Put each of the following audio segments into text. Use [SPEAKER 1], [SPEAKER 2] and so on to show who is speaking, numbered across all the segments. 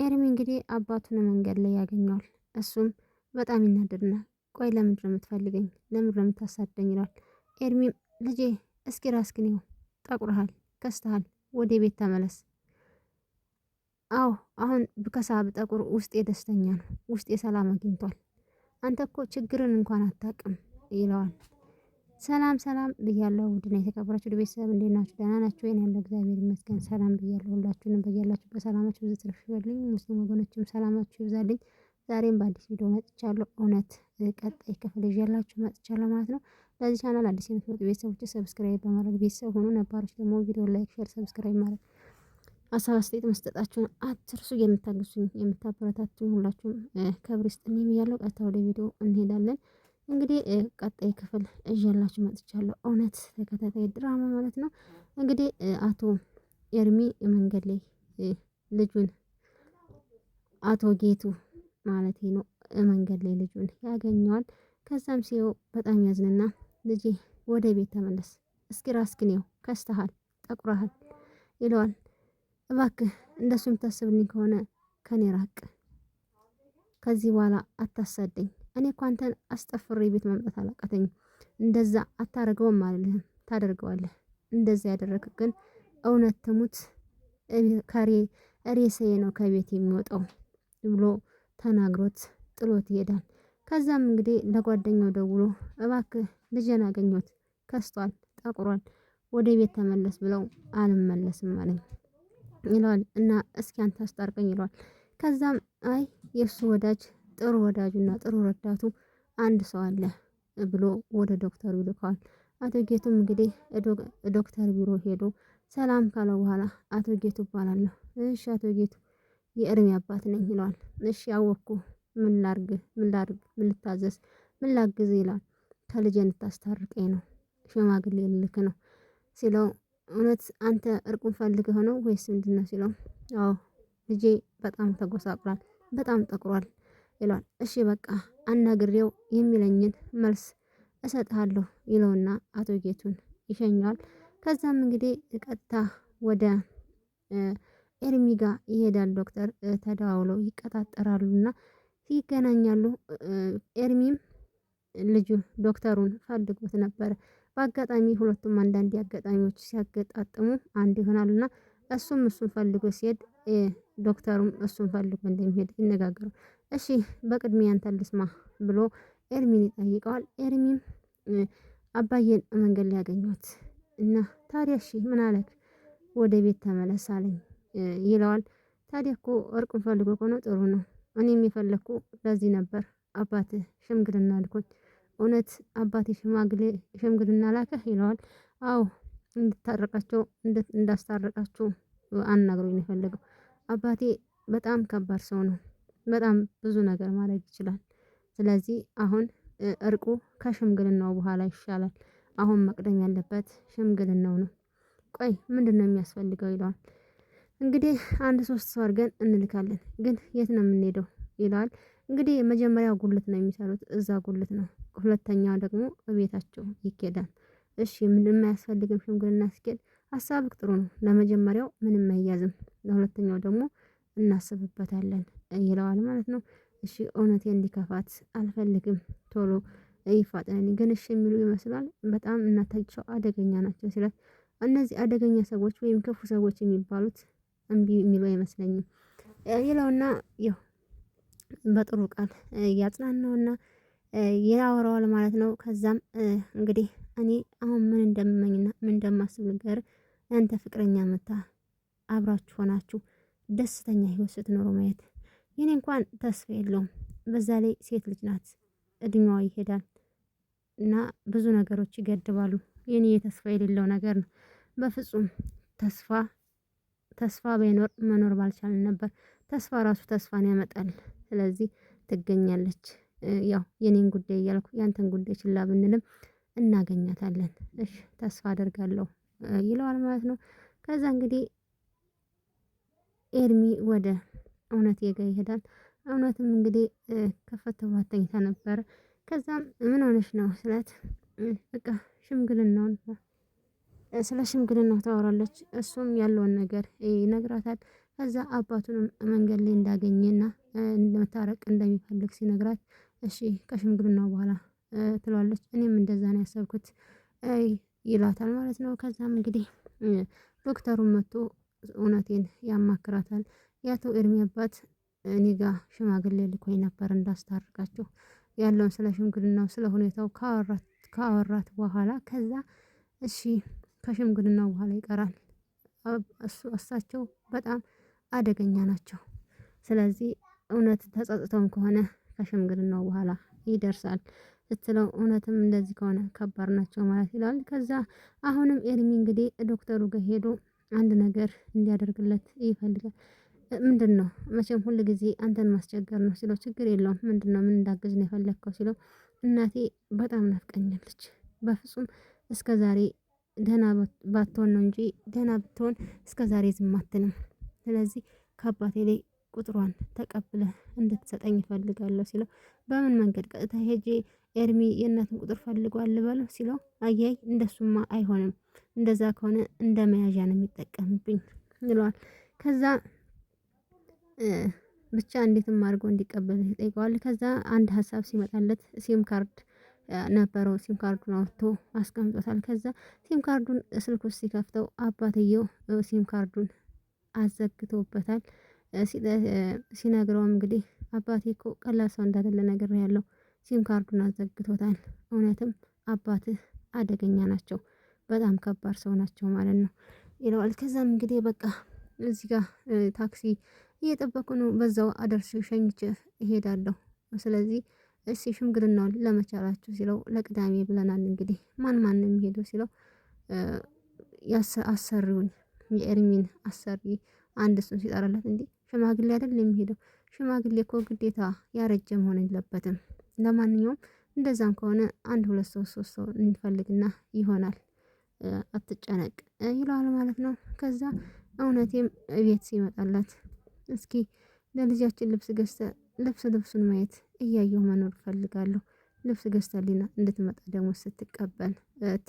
[SPEAKER 1] ኤርሚ እንግዲህ አባቱን መንገድ ላይ ያገኘዋል። እሱም በጣም ይናደድና ቆይ ለምንድን ነው የምትፈልገኝ? ለምንድን ነው የምታሳደኝ? ይላል። ኤርሚም ልጄ እስኪ ራስክን ይኸው ጠቁረሃል፣ ከስተሃል፣ ወደ ቤት ተመለስ። አዎ አሁን ብከሳ ብጠቁር ውስጤ ደስተኛ ነው፣ ውስጤ ሰላም አግኝቷል። አንተ እኮ ችግርን እንኳን አታውቅም ይለዋል። ሰላም ሰላም ብያለሁ። ውድና የተከበራችሁ ወደ ቤተሰብ እንዴት ናችሁ? ደህና ናችሁ ወይ? ያለው እግዚአብሔር ይመስገን ሰላም ብያለሁ። ሁላችሁንም በያላችሁ በሰላማችሁ ብዙ ትርፍ ይበልኝ። ሙስሊም ወገኖችም ሰላማችሁ ይብዛልኝ። ዛሬም በአዲስ ቪዲዮ መጥቻለሁ። እውነት ቀጣይ ክፍል ይዤላችሁ መጥቻለሁ ማለት ነው። ለዚህ ቻናል አዲስ የምትመጡ ቤተሰቦች ሰብስክራይብ በማድረግ ቤተሰብ ሆኑ። ነባሮች ደግሞ ቪዲዮ ላይክ፣ ሼር፣ ሰብስክራይብ ማድረግ ሀሳብ አስተያየት መስጠታችሁን አትርሱ። የምታግሱኝ የምታበረታቱኝ ሁላችሁም ክብር ይስጥልኝ ብያለሁ። ቀጥታ ወደ ቪዲዮ እንሄዳለን። እንግዲህ ቀጣይ ክፍል እያላችሁ መጥቻለሁ። እውነት ተከታታይ ድራማ ማለት ነው። እንግዲህ አቶ ኤርሚ መንገድ ላይ ልጁን አቶ ጌቱ ማለት ነው መንገድ ላይ ልጁን ያገኘዋል። ከዛም ሲው በጣም ያዝንና ልጄ ወደ ቤት ተመለስ፣ እስኪ ራስክን ያው ከስተሃል፣ ጠቁረሃል ይለዋል። እባክህ እንደሱም ታስብልኝ ከሆነ ከኔ ራቅ፣ ከዚህ በኋላ አታሳደኝ እኔ እኮ አንተን አስጠፍሬ ቤት መምጣት አላቃተኝ እንደዛ አታደርገውም አልልህም፣ ታደርገዋለህ። እንደዛ ያደረግ ግን እውነት ትሙት ከሬ ሬሳዬ ነው ከቤት የሚወጣው ብሎ ተናግሮት ጥሎት ይሄዳል። ከዛም እንግዲህ ለጓደኛው ደውሎ እባክህ ልጄን አገኘሁት፣ ከስቷል፣ ጠቁሯል፣ ወደ ቤት ተመለስ ብለው አልመለስም አለኝ ይለዋል። እና እስኪ አንተ አስታርቀኝ ይለዋል። ከዛም አይ የእሱ ወዳጅ ጥሩ ወዳጁና ጥሩ ረዳቱ አንድ ሰው አለ ብሎ ወደ ዶክተሩ ይልከዋል። አቶ ጌቱም እንግዲህ ዶክተር ቢሮ ሄዶ ሰላም ካለው በኋላ አቶ ጌቱ እባላለሁ። እሺ አቶ ጌቱ የእርሜ አባት ነኝ ይለዋል። እሺ ያወቅኩ፣ ምን ላርግ፣ ምን ላርግ፣ ምን ልታዘዝ፣ ምን ላግዝ ከልጄ እንድታስታርቀኝ ነው፣ ሽማግሌ ልልክ ነው ሲለው እውነት አንተ እርቁን ፈልግ ሆነው ወይስ ምንድን ነው ሲለው፣ አዎ ልጄ በጣም ተጎሳቁሏል፣ በጣም ጠቁሯል ይሏል። እሺ በቃ አናግሬው የሚለኝን መልስ እሰጥሃለሁ ይለውና አቶ ጌቱን ይሸኘዋል። ከዛም እንግዲህ ቀጥታ ወደ ኤርሚ ጋር ይሄዳል። ዶክተር ተደዋውለው ይቀጣጠራሉና ይገናኛሉ። ኤርሚም ልጁ ዶክተሩን ፈልጎት ነበረ። በአጋጣሚ ሁለቱም አንዳንድ አጋጣሚዎች ሲያገጣጥሙ አንድ ይሆናሉና እሱም እሱን ፈልጎ ሲሄድ ዶክተሩም እሱን ፈልጎ እንደሚሄድ ይነጋገራል። እሺ በቅድሚያ አንተን ልስማ ብሎ ኤርሚን ይጠይቀዋል። ኤርሚም አባዬን መንገድ ላይ ያገኙት እና ታዲያ እሺ ምን አለክ ወደ ቤት ተመለስ አለኝ ይለዋል። ታዲያ እኮ እርቁን ፈልጎ ከሆነ ጥሩ ነው። እኔም የፈለግኩ ለዚህ ነበር አባት ሽምግልና ልኮኝ እውነት አባቴ ሽማግሌ ሽምግልና ላከህ ይለዋል። አዎ እንድታረቃቸው እንዳስታረቃቸው አናግሮኝ የፈለገው። አባቴ በጣም ከባድ ሰው ነው። በጣም ብዙ ነገር ማድረግ ይችላል። ስለዚህ አሁን እርቁ ከሽምግልናው በኋላ ይሻላል። አሁን መቅደም ያለበት ሽምግልናው ነው። ቆይ ምንድነው የሚያስፈልገው ይለዋል። እንግዲህ አንድ ሶስት ሰው አድርገን እንልካለን ግን የት ነው የምንሄደው ይለዋል። እንግዲህ መጀመሪያ ጉልት ነው የሚሰሩት እዛ ጉልት ነው ሁለተኛ ደግሞ እቤታቸው ይኬዳል። እሺ ምንም ሽምግልና ሲኬድ ሀሳብ ጥሩ ነው። ለመጀመሪያው ምንም አይያዝም ለሁለተኛው ደግሞ እናስብበታለን ይለዋል ማለት ነው። እሺ እውነቴን እንዲከፋት አልፈልግም ቶሎ ይፋጠን ግን እሺ የሚሉ ይመስላል በጣም እናታቸው አደገኛ ናቸው ሲላት እነዚህ አደገኛ ሰዎች ወይም ክፉ ሰዎች የሚባሉት እምቢ የሚሉ አይመስለኝም። ይለውና ያው በጥሩ ቃል እያጽናናውና ያወራዋል ማለት ነው። ከዛም እንግዲህ እኔ አሁን ምን እንደምመኝና ምን እንደማስብ ነገር አንተ ፍቅረኛ መታ አብራችሁ ሆናችሁ ደስተኛ ህይወት ስትኖሩ ማየት የኔ እንኳን ተስፋ የለውም። በዛ ላይ ሴት ልጅ ናት፣ እድሜዋ ይሄዳል እና ብዙ ነገሮች ይገድባሉ። የኔ የተስፋ የሌለው ነገር ነው። በፍጹም ተስፋ ተስፋ ባይኖር መኖር ባልቻልን ነበር። ተስፋ ራሱ ተስፋን ያመጣል። ስለዚህ ትገኛለች። ያው የኔን ጉዳይ እያልኩ ያንተን ጉዳይ ችላ ብንልም እናገኛታለን። እሺ ተስፋ አደርጋለሁ ይለዋል ማለት ነው። ከዛ እንግዲህ ኤርሚ ወደ እውነት ጋ ይሄዳል። እውነትም እንግዲህ ከፈት ብሏት ተኝታ ነበረ። ከዛም ምን ሆነሽ ነው ስላት በቃ ሽምግልናውን ስለ ሽምግልናው ታወራለች። እሱም ያለውን ነገር ይነግራታል። ከዛ አባቱንም መንገድ ላይ እንዳገኘና እንደመታረቅ እንደሚፈልግ ሲነግራት እሺ ከሽምግልናው በኋላ ትሏለች። እኔም እንደዛ ነው ያሰብኩት ይላታል ማለት ነው። ከዛም እንግዲህ ዶክተሩን መጥቶ እውነቴን ያማክራታል። የአቶ ኤርሚ አባት እኔ ጋ ሽማግሌ ልኮኝ ነበር እንዳስታርቃችሁ ያለውን ስለ ሽምግልናው ስለ ሁኔታው ካወራት በኋላ ከዛ እሺ ከሽምግልናው በኋላ ይቀራል። እሳቸው በጣም አደገኛ ናቸው። ስለዚህ እውነት ተጸጽተውም ከሆነ ከሽምግልናው በኋላ ይደርሳል ስትለው እውነትም እንደዚህ ከሆነ ከባድ ናቸው ማለት ይላል። ከዛ አሁንም ኤርሚ እንግዲህ ዶክተሩ ጋር ሄዶ አንድ ነገር እንዲያደርግለት ይፈልጋል። ምንድነው መቼም ሁል ጊዜ አንተን ማስቸገር ነው ሲለው ችግር የለውም ነው ምን እንዳግዝ ነው የፈለግከው ሲለው እናቴ በጣም ናፍቀኛለች በፍጹም እስከ ዛሬ ደህና ባትሆን ነው እንጂ ደህና ብትሆን እስከ ዛሬ ዝም አትልም። ስለዚህ ከአባቴ ላይ ቁጥሯን ተቀብለ እንድትሰጠኝ እፈልጋለሁ ሲለው በምን መንገድ ቀጥታ ሄጄ ኤርሚ የእናትን ቁጥር ፈልጓል ልበለው ሲለው አያይ እንደሱማ አይሆንም፣ እንደዛ ከሆነ እንደ መያዣ ነው የሚጠቀምብኝ ይለዋል። ከዛ ብቻ እንዴትም አድርጎ እንዲቀበል ይጠይቀዋል። ከዛ አንድ ሀሳብ ሲመጣለት ሲም ካርድ ነበረው ሲም ካርዱን አውጥቶ አስቀምጦታል። ከዛ ሲም ካርዱን ስልክ ውስጥ ሲከፍተው አባትየው ሲም ካርዱን አዘግቶበታል። ሲነግረውም እንግዲህ አባቴ እኮ ቀላል ሰው እንዳደለ ያለው ሲም ካርዱን አዘግቶታል እውነትም አባትህ አደገኛ ናቸው በጣም ከባድ ሰው ናቸው ማለት ነው ይለዋል። ከዛም እንግዲህ በቃ እዚህ ጋር ታክሲ እየጠበቁ ነው በዛው አደርሽ ሸኝች እሄዳለሁ ስለዚህ እሺ ሽምግልናውን ለመቻላችሁ ሲለው ለቅዳሜ ብለናል እንግዲህ ማን ማን ነው የሚሄደው ሲለው አሰሪውን የኤርሚን አሰሪ አንድ እሱን ሲጠራለት እንዲህ ሽማግሌ አይደል የሚሄደው። ሽማግሌ እኮ ግዴታ ያረጀ መሆን የለበትም። ለማንኛውም እንደዛም ከሆነ አንድ ሁለት ሶስት ሶስት ሰው እንፈልግና ይሆናል አትጨነቅ ይለዋል ማለት ነው። ከዛ እውነቴም ቤት ሲመጣላት እስኪ ለልጃችን ልብስ ገዝተ ልብስ ልብሱን ማየት እያየው መኖር ፈልጋለሁ ልብስ ገዝታሊና እንድትመጣ ደግሞ ስትቀበል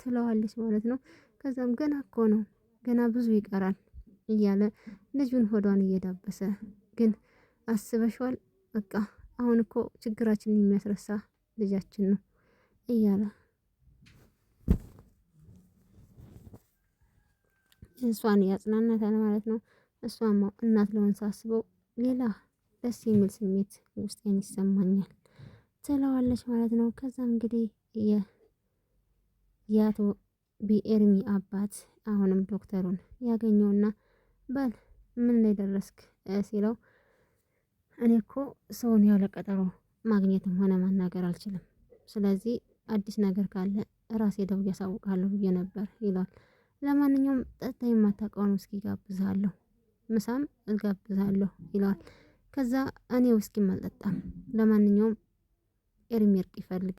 [SPEAKER 1] ትለዋለች ማለት ነው። ከዛም ገና እኮ ነው ገና ብዙ ይቀራል እያለ ልጁን ሆዷን እየዳበሰ ግን አስበሽዋል? በቃ አሁን እኮ ችግራችንን የሚያስረሳ ልጃችን ነው እያለ እሷን ያጽናናታል ማለት ነው። እሷም እናት ለሆን ሳስበው ሌላ ደስ የሚል ስሜት ውስጤን ይሰማኛል ትለዋለች ማለት ነው። ከዛ እንግዲህ የአቶ ቢኤርሚ አባት አሁንም ዶክተሩን ያገኘውና በል ምን ላይ ደረስክ ሲለው እኔ እኮ ሰውን ያለ ቀጠሮ ማግኘትም ሆነ ማናገር አልችልም። ስለዚህ አዲስ ነገር ካለ ራሴ ደውዬ አሳውቃለሁ ብዬ ነበር ይሏል። ለማንኛውም ጠጥታ የማታውቀውን ውስኪ ጋብዛለሁ ምሳም እጋብዛለሁ ይለዋል። ከዛ እኔ ውስኪም አልጠጣም፣ ለማንኛውም ኤርሜርቅ ይፈልግ